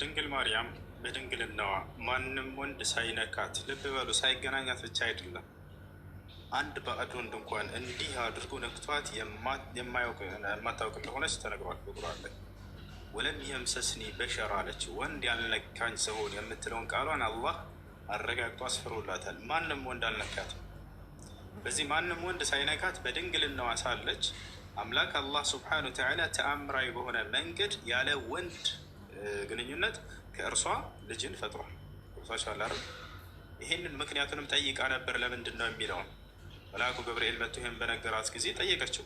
ድንግል ማርያም በድንግልናዋ ማንም ወንድ ሳይነካት፣ ልብ በሉ ሳይገናኛት ብቻ አይደለም አንድ ባዕድ ወንድ እንኳን እንዲህ አድርጎ ነክቷት የማታውቅ እንደሆነች ተነግሯል። ብቁራለ ወለም የምሰስኒ በሸር አለች። ወንድ ያልነካኝ ሰሆን የምትለውን ቃሏን አላህ አረጋግጦ አስፈሮላታል። ማንም ወንድ አልነካትም። በዚህ ማንም ወንድ ሳይነካት በድንግልናዋ ሳለች አምላክ አላህ ስብሓነሁ ወተዓላ ተአምራዊ በሆነ መንገድ ያለ ወንድ ግንኙነት ከእርሷ ልጅን ፈጥሯል። ርሷቻል ይህንን ምክንያቱንም ጠይቃ ነበር ለምንድን ነው የሚለውን መልአኩ ገብርኤል መጥቶ ይህን በነገራት ጊዜ ጠየቀችው።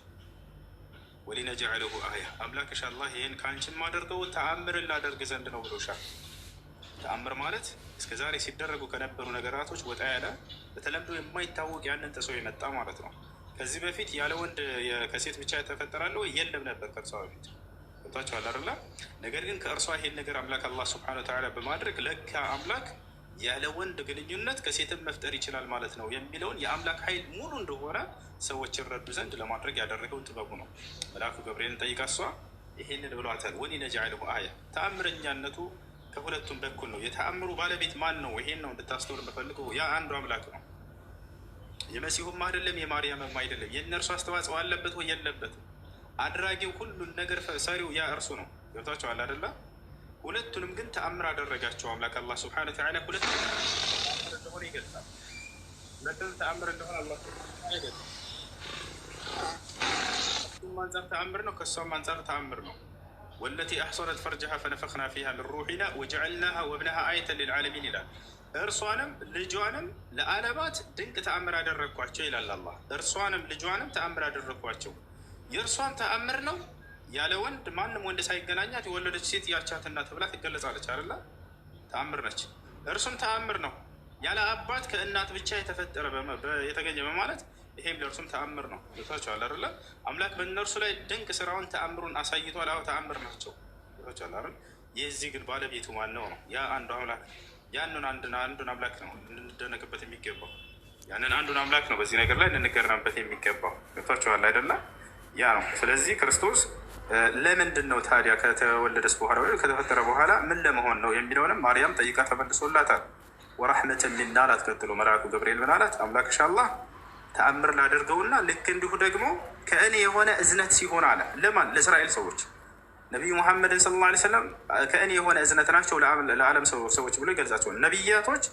ወሊነጅዐለሁ አያ አምላክሽ አላህ ይህን ከአንቺን ማደርገው ተአምር ላደርግ ዘንድ ነው ብሎሻል። ተአምር ማለት እስከ ዛሬ ሲደረጉ ከነበሩ ነገራቶች ወጣ ያለ በተለምዶ የማይታወቅ ያንን ጥሶ የመጣ ማለት ነው። ከዚህ በፊት ያለ ወንድ ከሴት ብቻ ተፈጠራለ የለም ነበር ከእርሷ በፊት ታቸዋል አይደለ? ነገር ግን ከእርሷ ይሄን ነገር አምላክ አላህ ስብሐነሁ ወተዓላ በማድረግ ለካ አምላክ ያለ ወንድ ግንኙነት ከሴትም መፍጠር ይችላል ማለት ነው የሚለውን የአምላክ ኃይል ሙሉ እንደሆነ ሰዎች ይረዱ ዘንድ ለማድረግ ያደረገውን ጥበቡ ነው። መልአኩ ገብርኤልን ጠይቃ እሷ ይሄንን ብሏታል። ወኒ ነጃልሁ አያ ተአምረኛነቱ ከሁለቱም በኩል ነው። የተአምሩ ባለቤት ማን ነው? ይሄን ነው እንድታስተውል የምፈልገው። ያ አንዱ አምላክ ነው። የመሲሁም አይደለም የማርያምም አይደለም። የእነርሱ አስተዋጽኦ አለበት ወይ የለበትም? አድራጊው ሁሉን ነገር ሰሪው ያ እርሱ ነው። ገብታችኋል አይደለ? ሁለቱንም ግን ተአምር አደረጋቸው አምላክ አላህ ስብሐነሁ ወተዓላ። ሁለቱም ተአምር እንደሆነ ይገልጻል። አንጻር ተአምር ነው፣ ከእሷም አንጻር ተአምር ነው። ወለቲ አሕሰነት ፈርጅሃ ፈነፈኽና ፊሃ ምን ሩሒና ወጀዐልናሃ ወብነሃ አየተን ልልዓለሚን ይላል። እርሷንም ልጇንም ለዓለማት ድንቅ ተአምር አደረግኳቸው ይላል አላህ። እርሷንም ልጇንም ተአምር አደረግኳቸው የእርሷን ተአምር ነው ያለ ወንድ ማንም ወንድ ሳይገናኛት የወለደች ሴት ያልቻትና ተብላ ትገለጻለች አለ ተአምር ነች። እርሱም ተአምር ነው ያለ አባት ከእናት ብቻ የተፈጠረ የተገኘ በማለት ይሄም ለእርሱም ተአምር ነው። ቻል አለ አምላክ በእነርሱ ላይ ድንቅ ስራውን ተአምሩን አሳይቷል። አዎ ተአምር ናቸው። ቻል አይደል? የዚህ ግን ባለቤቱ ማነው ነው? ያ አንዱ አምላክ ያንን አንዱን አምላክ ነው ልንደነቅበት የሚገባው። ያንን አንዱን አምላክ ነው በዚህ ነገር ላይ እንንገረምበት የሚገባው። ታቸዋል አይደለም? ያ ነው። ስለዚህ ክርስቶስ ለምንድን ነው ታዲያ ከተወለደስ በኋላ ወይ ከተፈጠረ በኋላ ምን ለመሆን ነው የሚለውንም ማርያም ጠይቃ ተመልሶላታል። ወራህመተን ሊና አላት። ቀጥሎ መልአኩ ገብርኤል ምን አላት? አምላክሽ አላህ ተአምር ላደርገውና ልክ እንዲሁ ደግሞ ከእኔ የሆነ እዝነት ሲሆን አለ። ለማን? ለእስራኤል ሰዎች ነቢዩ ሙሐመድን ሰለላሁ ዓለይሂ ወሰለም ከእኔ የሆነ እዝነት ናቸው ለዓለም ሰዎች ብሎ ይገልጻቸዋል። ነቢያቶች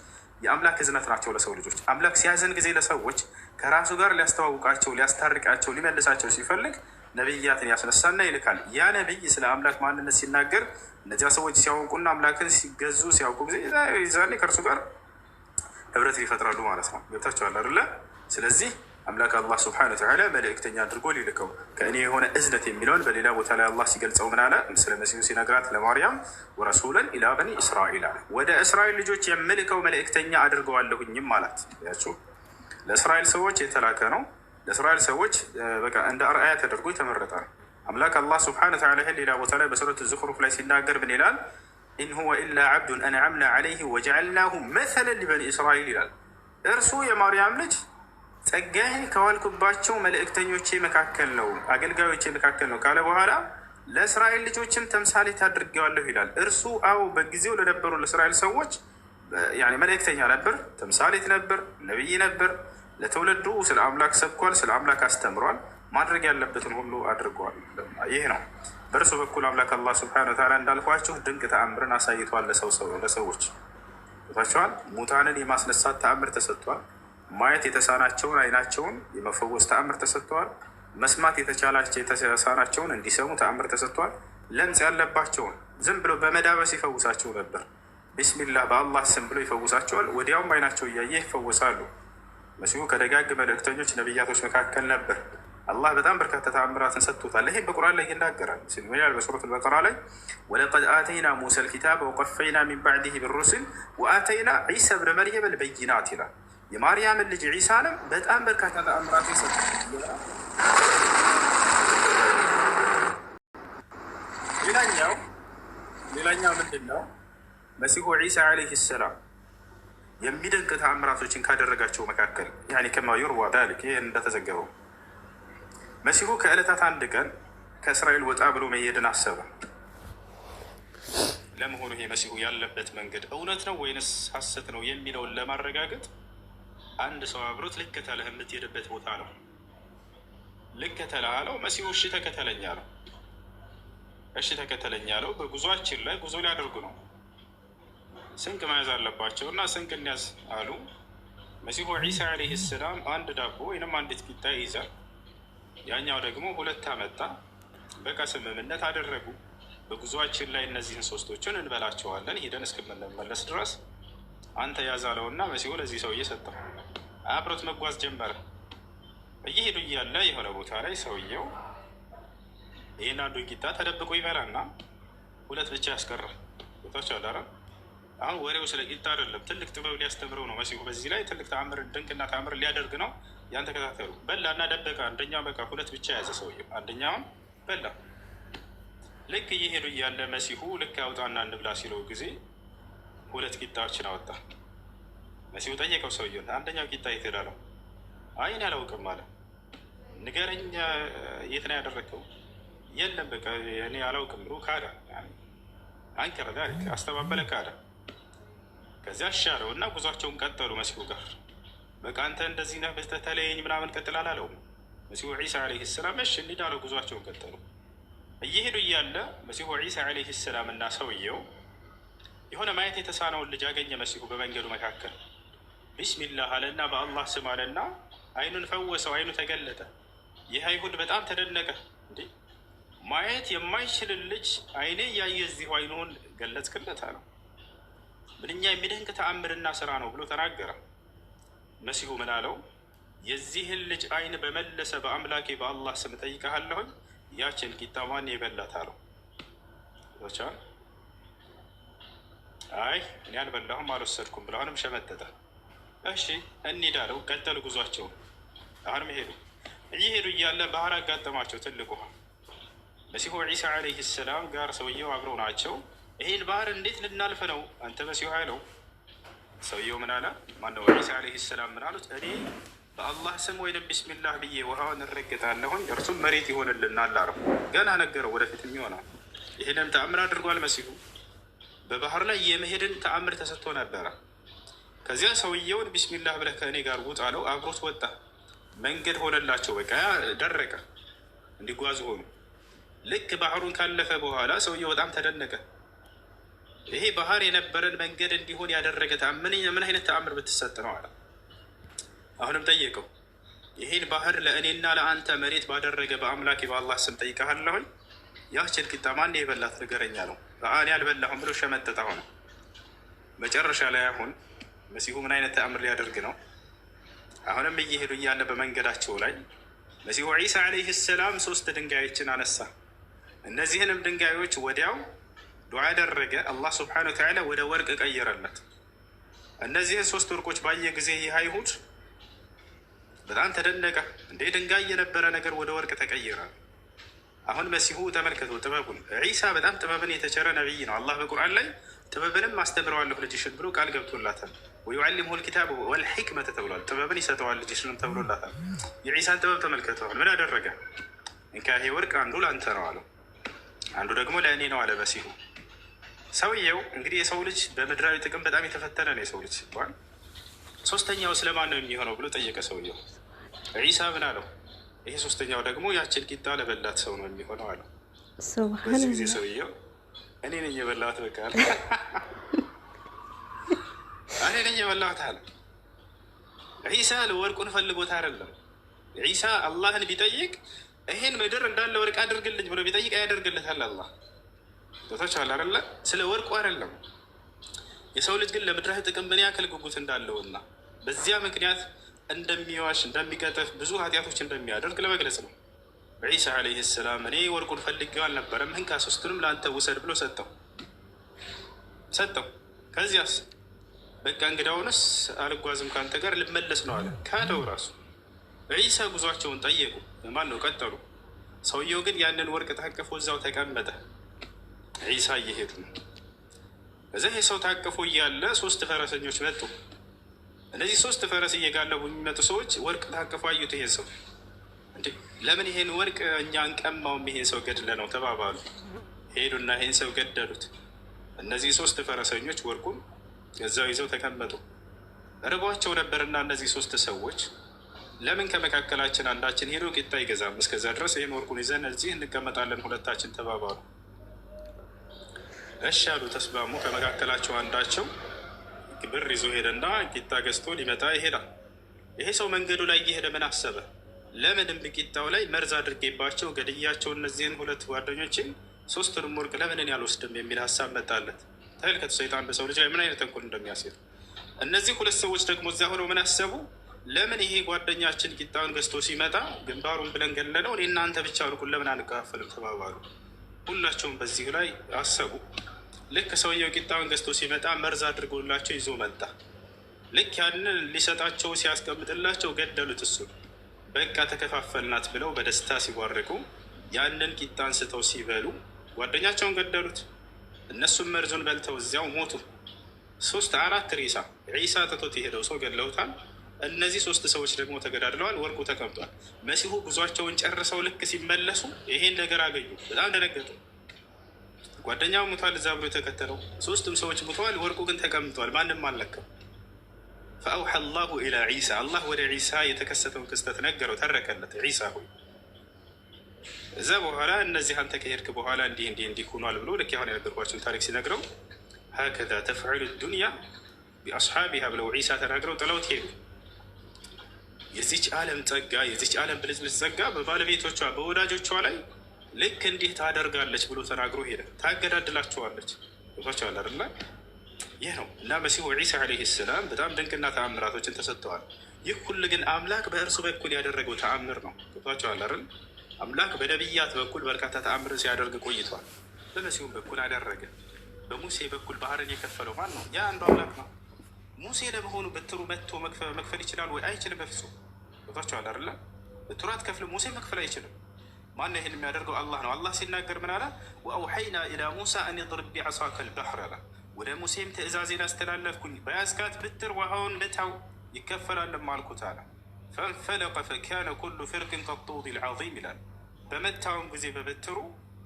የአምላክ ዝነት ናቸው ለሰው ልጆች። አምላክ ሲያዝን ጊዜ ለሰዎች ከራሱ ጋር ሊያስተዋውቃቸው፣ ሊያስታርቃቸው፣ ሊመልሳቸው ሲፈልግ ነቢያትን ያስነሳና ይልካል። ያ ነቢይ ስለ አምላክ ማንነት ሲናገር እነዚያ ሰዎች ሲያውቁና አምላክን ሲገዙ ሲያውቁ ጊዜ ዛኔ ከእርሱ ጋር ህብረት ይፈጥራሉ ማለት ነው። ገብታችኋል አይደለ? ስለዚህ አምላክ አላህ ስብሐነ ወተዓላ መልእክተኛ አድርጎ ሊልከው ከእኔ የሆነ እዝነት የሚለውን በሌላ ቦታ ላይ አላህ ሲገልጸው ምን አለ? ስለ መሲሁ ሲነግራት ለማርያም ወረሱለን ኢላ በኒ እስራኤል አለ። ወደ እስራኤል ልጆች የምልከው መልእክተኛ አድርገዋለሁኝም አላት። ያቸው ለእስራኤል ሰዎች የተላከ ነው። ለእስራኤል ሰዎች በቃ እንደ አርአያ ተደርጎ የተመረጠ ነው። አምላክ አላህ ስብሐነ ወተዓላ ይህን ሌላ ቦታ ላይ በሱረት ዙኽሩፍ ላይ ሲናገር ምን ይላል? ኢን ሁወ ኢላ ዓብዱን አንዓምና ዓለይህ ወጀዓልናሁ መሰለን ሊበኒ እስራኤል ይላል። እርሱ የማርያም ልጅ ጸጋዬን ከዋልኩባቸው መልእክተኞቼ መካከል ነው አገልጋዮቼ መካከል ነው ካለ በኋላ ለእስራኤል ልጆችም ተምሳሌት አድርጌዋለሁ ይላል። እርሱ አዎ በጊዜው ለነበሩ ለእስራኤል ሰዎች መልእክተኛ ነበር፣ ተምሳሌት ነበር፣ ነቢይ ነበር። ለትውልዱ ስለ አምላክ ሰብኳል፣ ስለ አምላክ አስተምሯል። ማድረግ ያለበትን ሁሉ አድርገዋል። ይህ ነው በእርሱ በኩል አምላክ አላህ ስብሐነ ወተዓላ እንዳልኳችሁ ድንቅ ተአምርን አሳይቷል። ለሰው ለሰዎች ታቸዋል። ሙታንን የማስነሳት ተአምር ተሰጥቷል። ማየት የተሳናቸውን አይናቸውን የመፈወስ ተአምር ተሰጥተዋል። መስማት የተቻላቸው የተሳናቸውን እንዲሰሙ ተአምር ተሰጥተዋል። ለምጽ ያለባቸውን ዝም ብሎ በመዳበስ ይፈውሳቸው ነበር። ቢስሚላህ በአላህ ስም ብሎ ይፈውሳቸዋል። ወዲያውም አይናቸው እያየ ይፈወሳሉ። መሲሁ ከደጋግ መልእክተኞች ነቢያቶች መካከል ነበር። አላህ በጣም በርካታ ተአምራትን ሰጥቶታል። ይህም በቁርአን ላይ ይናገራል። ሲሚላል በሱረት በቀራ ላይ ወለቀድ አተይና ሙሳ ልኪታብ ወቀፈይና ሚን ባዕድህ ብሩስል ወአተይና ዒሳ ብነ መርየም ልበይናት ይላል። የማርያምን ልጅ ዒሳንም በጣም በርካታ ተአምራት የሰጡ ሌላኛው ሌላኛው ምንድን ነው? መሲሁ ዒሳ ዓለይህ ሰላም የሚደንቅ ተአምራቶችን ካደረጋቸው መካከል ያኒ ከማ ዩርዋ ዛሊክ ይህ እንደተዘገበው መሲሁ ከዕለታት አንድ ቀን ከእስራኤል ወጣ ብሎ መሄድን አሰበ። ለመሆኑ ይሄ መሲሁ ያለበት መንገድ እውነት ነው ወይንስ ሐሰት ነው የሚለውን ለማረጋገጥ አንድ ሰው አብሮት ልከተለህ የምትሄድበት ቦታ ነው። ልከተለህ አለው። መሲሁ እሺ ተከተለኝ አለው። እሺ ተከተለኝ አለው። በጉዞአችን ላይ ጉዞ ሊያደርጉ ነው። ስንቅ መያዝ አለባቸው እና ስንቅ እንያዝ አሉ። መሲሁ ዒሳ ዓለይህ ሰላም አንድ ዳቦ ወይንም አንዲት ቂጣ ይይዛል። ያኛው ደግሞ ሁለት አመጣ። በቃ ስምምነት አደረጉ። በጉዞአችን ላይ እነዚህን ሶስቶችን እንበላቸዋለን ሄደን እስክንመለስ ድረስ አንተ ያዛለውና መሲሁ ለዚህ ሰውዬ ሰጠው። አብሮት መጓዝ ጀመረ። እየሄዱ እያለ የሆነ ቦታ ላይ ሰውየው ይህን አንዱ ቂጣ ተደብቆ ይበላና ሁለት ብቻ ያስቀራል። ቦታዎች አዳረ። አሁን ወሬው ስለ ቂጣ አይደለም፣ ትልቅ ጥበብ ሊያስተምረው ነው መሲሁ። በዚህ ላይ ትልቅ ተአምር፣ ድንቅና ተአምር ሊያደርግ ነው። ያን ተከታተሉ። በላና ደበቀ። አንደኛው በቃ ሁለት ብቻ የያዘ ሰውየው አንደኛውን በላ። ልክ እየሄዱ እያለ መሲሁ ልክ እንብላ ሲለው ጊዜ ሁለት ቂጣዎችን አወጣ። መሲሁ ጠየቀው ሰውየውን፣ አንደኛው ቂጣ የት ሄደ አለው። አይ እኔ አላውቅም አለ። ንገረኝ የት ነው ያደረግከው? የለም በቃ እኔ አላውቅም ብሎ ካዳ አንከረ ዛሊክ አስተባበለ፣ ካዳ። ከዚያ አሻለው እና ጉዟቸውን ቀጠሉ መሲሁ ጋር። በቃ አንተ እንደዚህ ነህ በስተተለየኝ ምናምን ቀጥል አላለውም መሲሁ ዒሳ ዓለይሂ ሰላም እሺ እንሂድ አለው። ጉዟቸውን ቀጠሉ። እየሄዱ እያለ መሲሁ ዒሳ ዓለይሂ ሰላም እና ሰውየው የሆነ ማየት የተሳነውን ልጅ አገኘ መሲሁ በመንገዱ መካከል ቢስሚላህ አለና በአላህ ስም አለና አይኑን ፈወሰው። አይኑ ተገለጠ። ይህ አይሁድ በጣም ተደነቀ። እንዴ ማየት የማይችልን ልጅ አይኔ እያየ እዚሁ አይኑን ገለጽክለት አለው። ምንኛ የሚደንቅ ተአምርና ስራ ነው ብሎ ተናገረ። መሲሁ ምን አለው? የዚህን ልጅ አይን በመለሰ በአምላኬ በአላህ ስም ጠይቀሃለሁኝ ያችን ቂጣ ማን የበላት አለው። አይ እኔ አልበላሁም አልወሰድኩም ብለሁንም ሸመጠጠ። እሺ እንሂድ አለው። ቀጠሉ ጉዟቸውን። ባህር መሄዱ እየሄዱ እያለ ባህር አጋጠማቸው ትልቁ መሲሁ ዒሳ ዓለይህ ሰላም ጋር ሰውየው አብረው ናቸው። ይሄን ባህር እንዴት ልናልፍ ነው አንተ መሲሁ አለው። ሰውየው ምን አለ? ማነው ዒሳ ዓለይህ ሰላም ምን አሉት? እኔ በአላህ ስም ወይም ቢስሚላህ ብዬ ውሃውን እረግጣለሁኝ እርሱም መሬት ይሆንልናል አለው። ገና ነገረው፣ ወደፊትም ይሆናል። ይህንም ተአምር አድርጓል መሲሁ። በባህር ላይ የመሄድን ተአምር ተሰጥቶ ነበረ። ከዚያ ሰውየውን ቢስሚላህ ብለህ ከእኔ ጋር ውጣ አለው። አብሮት ወጣ። መንገድ ሆነላቸው። በቃ ደረቀ፣ እንዲጓዙ ሆኑ። ልክ ባህሩን ካለፈ በኋላ ሰውየው በጣም ተደነቀ። ይሄ ባህር የነበረን መንገድ እንዲሆን ያደረገ ምን አይነት ተአምር ብትሰጥ ነው አለ። አሁንም ጠየቀው፣ ይህን ባህር ለእኔና ለአንተ መሬት ባደረገ በአምላክ በአላህ ስም ጠይቀሃለሁኝ። ያችን ቂጣ ማን የበላት ንገረኛ ነው። እኔ አልበላሁም ብሎ ሸመጠጣ ሆነ። መጨረሻ ላይ አሁን መሲሁ ምን አይነት ተአምር ሊያደርግ ነው? አሁንም እየሄዱ እያለ በመንገዳቸው ላይ መሲሁ ዒሳ ዓለይህ ሰላም ሶስት ድንጋዮችን አነሳ። እነዚህንም ድንጋዮች ወዲያው ዱዓ አደረገ። አላህ ስብሓነሁ ወተዓላ ወደ ወርቅ ቀየረለት። እነዚህን ሶስት ወርቆች ባየ ጊዜ ይህ አይሁድ በጣም ተደነቀ። እንዴ ድንጋይ የነበረ ነገር ወደ ወርቅ ተቀየረ። አሁን መሲሁ ተመልከቱ ጥበቡን። ዒሳ በጣም ጥበብን የተቸረ ነቢይ ነው። አላህ በቁርአን ላይ ጥበብንም ማስተምረዋለሁ ልጅሽን ብሎ ቃል ገብቶላታል። ወዩዓሊሙ ልኪታብ ወልሕክመተ ተብሏል። ጥበብን ይሰጠዋል ልጅሽንም ተብሎላታል። የዒሳን ጥበብ ተመልከተዋል። ምን አደረገ? ኒካሄ ወርቅ አንዱ ለአንተ ነው አለው፣ አንዱ ደግሞ ለእኔ ነው አለ መሲሁ። ሰውየው እንግዲህ የሰው ልጅ በምድራዊ ጥቅም በጣም የተፈተነ ነው የሰው ልጅ ሲባል ሶስተኛው ስለማን ነው የሚሆነው ብሎ ጠየቀ ሰውየው። ዒሳ ምን አለው? ይሄ ሶስተኛው ደግሞ ያችን ቂጣ ለበላት ሰው ነው የሚሆነው አለው። በዚህ ጊዜ ሰውየው እኔ ነኝ የበላሁት፣ በቃ እኔ ነኝ የበላሁት አለ። ዒሳ ወርቁን ፈልጎት አይደለም። ዒሳ አላህን ቢጠይቅ ይሄን ምድር እንዳለ ወርቅ አድርግልኝ ብሎ ቢጠይቅ ያደርግለታል አላህ። ቦታቸዋል አለ። ስለ ወርቁ አይደለም። የሰው ልጅ ግን ለምድራዊ ጥቅም ምን ያክል ጉጉት እንዳለውና በዚያ ምክንያት እንደሚዋሽ እንደሚቀጥፍ ብዙ ኃጢአቶች እንደሚያደርግ ለመግለጽ ነው። ዒሳ ዓለይህ ሰላም እኔ ወርቁን ፈልጌው አልነበረም፣ ህንቃ ሶስቱንም ለአንተ ውሰድ ብሎ ሰጠው ሰጠው። ከዚያስ በቃ እንግዳውንስ አልጓዝም ከአንተ ጋር ልመለስ ነው አለ። ካደው ራሱ ዒሳ ጉዟቸውን ጠየቁ። ማን ነው ቀጠሉ። ሰውየው ግን ያንን ወርቅ ታቅፎ እዛው ተቀመጠ። ዒሳ እየሄዱ ነው። እዚህ የሰው ታቅፎ እያለ ሶስት ፈረሰኞች መጡ። እነዚህ ሶስት ፈረስ እየጋለቡ የሚመጡ ሰዎች ወርቅ ታቅፎ አዩት። ይሄን ሰው እንዴ ለምን ይሄን ወርቅ እኛ እንቀማውም ይሄን ሰው ገድለ ነው ተባባሉ። ሄዱና ይሄን ሰው ገደሉት። እነዚህ ሶስት ፈረሰኞች ወርቁም እዛው ይዘው ተቀመጡ። ርቧቸው ነበርና እነዚህ ሶስት ሰዎች ለምን ከመካከላችን አንዳችን ሄዶ ቂጣ አይገዛም? እስከዛ ድረስ ይህን ወርቁን ይዘን እዚህ እንቀመጣለን ሁለታችን ተባባሉ። እሺ አሉ፣ ተስማሙ። ከመካከላቸው አንዳቸው ብር ይዞ ሄደና ቂጣ ገዝቶ ሊመጣ ይሄዳል። ይሄ ሰው መንገዱ ላይ እየሄደ ምን አሰበ? ለምን እምቢቂጣው ላይ መርዝ አድርጌባቸው ገድያቸው እነዚህን ሁለት ጓደኞችን ሶስቱንም ወርቅ ለምን እኔ አልወስድም የሚል ሀሳብ መጣለት። ተመልከቱ ሰይጣን በሰው ልጅ ላይ ምን አይነት ተንኮል እንደሚያሴት። እነዚህ ሁለት ሰዎች ደግሞ እዚያ ሆነው ምን አሰቡ? ለምን ይሄ ጓደኛችን ቂጣውን ገዝቶ ሲመጣ ግንባሩን ብለን ገለነው፣ እኔ እናንተ ብቻ አልኩን፣ ለምን አንካፈልም ተባባሉ። ሁላቸውም በዚህ ላይ አሰቡ። ልክ ሰውየው ቂጣውን ገዝቶ ሲመጣ መርዝ አድርጎላቸው ይዞ መጣ። ልክ ያንን ሊሰጣቸው ሲያስቀምጥላቸው ገደሉት እሱ በቃ ተከፋፈልናት ብለው በደስታ ሲዋርቁ ያንን ቂጣ አንስተው ሲበሉ ጓደኛቸውን ገደሉት። እነሱም መርዙን በልተው እዚያው ሞቱ። ሶስት አራት ሬሳ ዒሳ ትቶት የሄደው ሰው ገለውታል። እነዚህ ሶስት ሰዎች ደግሞ ተገዳድለዋል። ወርቁ ተቀምጧል። መሲሁ ጉዟቸውን ጨርሰው ልክ ሲመለሱ ይሄን ነገር አገኙ። በጣም ደነገጡ። ጓደኛው ሙቷል፣ እዛ ብሎ የተከተለው ሶስቱም ሰዎች ሙተዋል። ወርቁ ግን ተቀምጧል። ማንም አልለካም። ፈአውሐ አላሁ ኢላ ዒሳ አላህ ወደ ዒሳ የተከሰተውን ክስተት ነገረው፣ ተረከለት። ዒሳ ሆይ እዛ በኋላ እነዚህ አንተ ከሄድክ በኋላ እንዲህ እንዲህ እንዲህ ሆኗል ብሎ ልክ አሁን የነገርኳቸውን ታሪክ ሲነግረው ሀከዛ ተፍዕሉ ዱንያ ቢአስሓቢሃ ብለው ዒሳ ተናግረው ጥለውት ሄዱ። የዚች ዓለም ጸጋ የዚች ዓለም ብልጭልጭ ጸጋ በባለቤቶቿ በወዳጆቿ ላይ ልክ እንዲህ ታደርጋለች ብሎ ተናግሮ ሄደ። ታገዳድላቸዋለች ቻ ይህ ነው እና መሲሁ ዒሳ ዓለይሂ ሰላም በጣም ድንቅና ተአምራቶችን ተሰጥተዋል። ይህ ሁሉ ግን አምላክ በእርሱ በኩል ያደረገው ተአምር ነው። ገብቷቸዋል አይደል? አምላክ በነቢያት በኩል በርካታ ተአምርን ሲያደርግ ቆይቷል። በመሲሁም በኩል አደረገ። በሙሴ በኩል ባህርን የከፈለው ማን ነው? ያ አንዱ አምላክ ነው። ሙሴ ለመሆኑ በትሩ መጥቶ መክፈል ይችላል ወይ? አይችልም። በፍጹም ገብቷቸዋል አይደል? በትሩ አትከፍልም። ሙሴ መክፈል አይችልም። ማን ይህን የሚያደርገው? አላህ ነው። አላህ ሲናገር ምን አለ? ወአውሐይና ኢላ ሙሳ አን ድርብ ቢዐሳከ ልባሕር አለ ወደ ሙሴም ትእዛዜን አስተላለፍኩኝ በያዝካት ብትር ውሃውን ልታው ይከፈላለም አልኩት አለ። ፈንፈለቀ ፈካነ ኩሉ ፍርቅን ከጡጢ ልዓዚም ይላል። በመታውም ጊዜ በበትሩ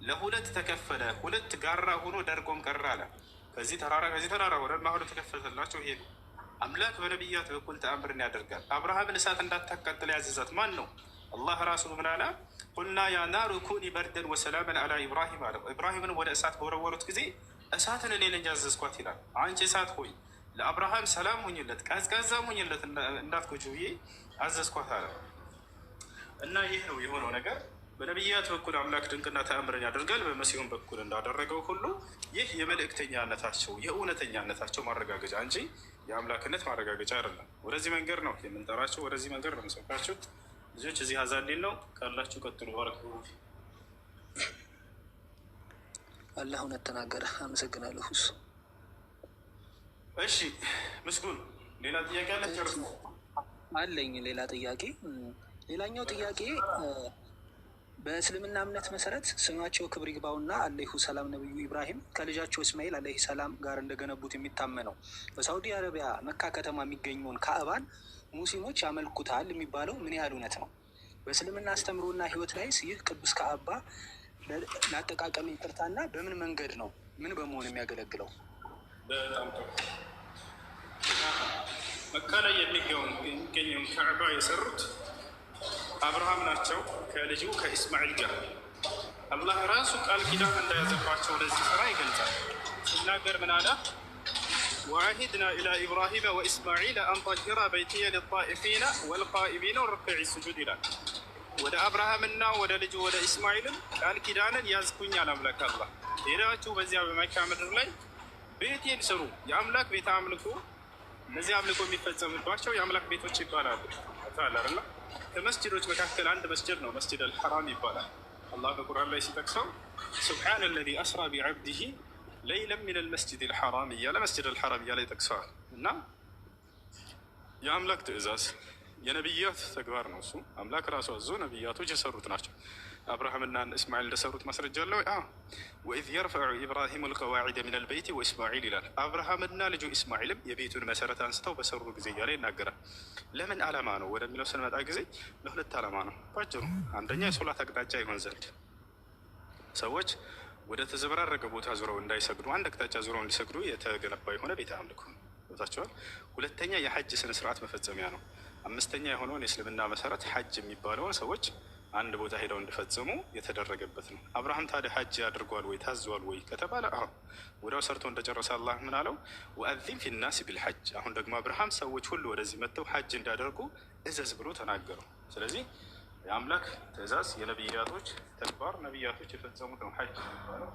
ለሁለት ተከፈለ፣ ሁለት ጋራ ሆኖ ደርቆም ቀረ አለ። ከዚህ ተራራ ከዚህ ተራራ ወደ ማሁሉ ተከፈተላቸው ሄዱ። አምላክ በነቢያት በኩል ተአምርን ያደርጋል። አብርሃምን እሳት እንዳታቃጥል ያዘዛት ማን ነው? አላህ ራሱ ምን አለ? ቁልና ያ ናሩ ኩኒ በርደን ወሰላመን አላ ኢብራሂም አለ። ኢብራሂምን ወደ እሳት በወረወሩት ጊዜ እሳትን እኔ ነኝ ያዘዝኳት ይላል። አንቺ እሳት ሆይ ለአብርሃም ሰላም ሆኝለት፣ ቀዝቃዛም ሆኝለት እንዳትጎጂ ብዬ አዘዝኳት አለ እና ይህ ነው የሆነው ነገር በነቢያት በኩል አምላክ ድንቅና ተአምርን ያደርጋል። በመሲሆን በኩል እንዳደረገው ሁሉ ይህ የመልእክተኛነታቸው የእውነተኛነታቸው ማረጋገጫ እንጂ የአምላክነት ማረጋገጫ አይደለም። ወደዚህ መንገድ ነው የምንጠራቸው፣ ወደዚህ መንገድ ነው የምንሰብካቸው። ልጆች እዚህ አዛንዴን ነው ካላችሁ ቀጥሉ። ባረክ አላህ እውነት ተናገረ። አመሰግናለሁ። እሱ እሺ፣ ምስጉን ሌላ ጥያቄ አለኝ። ሌላ ጥያቄ ሌላኛው ጥያቄ በእስልምና እምነት መሰረት ስማቸው ክብር ይግባውና አለይሁ ሰላም ነቢዩ ኢብራሂም ከልጃቸው እስማኤል አለይሂ ሰላም ጋር እንደገነቡት የሚታመነው በሳውዲ አረቢያ መካ ከተማ የሚገኘውን ካዕባን ሙስሊሞች ያመልኩታል የሚባለው ምን ያህል እውነት ነው? በእስልምና አስተምሮና ህይወት ላይስ ይህ ቅዱስ ካዕባ ለአጠቃቀም ይቅርታና በምን መንገድ ነው ምን በመሆን የሚያገለግለው? በጣም ጥሩ። መካ ላይ የሚገኘውን ካዕባ የሰሩት አብርሃም ናቸው ከልጁ ከኢስማዒል ጋር። አላህ ራሱ ቃል ኪዳን እንደያዘባቸው ለዚህ ስራ ይገልጻል። ሲናገር ምን አለ? ወዓሂድና ኢላ ኢብራሂመ ወኢስማዒል አንጣሂራ በይትየ ሊጣኢፊነ ወልቃኢሚነ ወርክዒ ስጁድ ይላል። ወደ አብርሃምና ወደ ልጁ ወደ እስማኤልም ቃል ኪዳንን ያዝኩኝ አምላክ አላ ሄዳችሁ በዚያ በመካ ምድር ላይ ቤቴን ስሩ፣ የአምላክ ቤት አምልኮ እነዚህ አምልኮ የሚፈጸምባቸው የአምላክ ቤቶች ይባላሉ። ታላርና ከመስጅዶች መካከል አንድ መስጅድ ነው፣ መስጅድ አልሐራም ይባላል። አላህ በቁርአን ላይ ሲጠቅሰው ስብሓን ለዚ አስራ ቢዓብድህ ለይለም ሚን ልመስጅድ ልሐራም እያለ መስጅድ ልሐራም እያለ ይጠቅሰዋል እና የአምላክ ትእዛዝ የነብያት ተግባር ነው። እሱ አምላክ ራሱ አዞ ነብያቶች የሰሩት ናቸው። አብርሃምና እስማኤል እንደሰሩት ማስረጃ አለው። ወኢዝ የርፈዑ ኢብራሂሙ ልቀዋዒደ ሚን ልበይቲ ወእስማዒል ይላል። አብርሃምና ልጁ እስማዒልም የቤቱን መሰረት አንስተው በሰሩ ጊዜ እያለ ይናገራል። ለምን ዓላማ ነው ወደሚለው ስንመጣ ጊዜ ለሁለት አላማ ነው ባጭሩ። አንደኛ የሶላት አቅጣጫ ይሆን ዘንድ ሰዎች ወደ ተዘበራረቀ ቦታ ዙረው እንዳይሰግዱ፣ አንድ አቅጣጫ ዙረው እንዲሰግዱ የተገነባ የሆነ ቤተ አምልኮ ቦታቸዋል። ሁለተኛ የሐጅ ስነስርዓት መፈጸሚያ ነው። አምስተኛ የሆነውን የእስልምና መሰረት ሐጅ የሚባለውን ሰዎች አንድ ቦታ ሄደው እንዲፈጽሙ የተደረገበት ነው። አብርሃም ታዲያ ሐጅ አድርጓል ወይ ታዟል ወይ ከተባለ አሁ ወዲያው ሰርቶ እንደጨረሰ አላህ ምን አለው? ወአዚን ፊናስ ቢልሐጅ። አሁን ደግሞ አብርሃም ሰዎች ሁሉ ወደዚህ መጥተው ሐጅ እንዲያደርጉ እዘዝ ብሎ ተናገረው። ስለዚህ የአምላክ ትእዛዝ የነብያቶች ተግባር ነብያቶች የፈጸሙት ነው ሐጅ የሚባለው።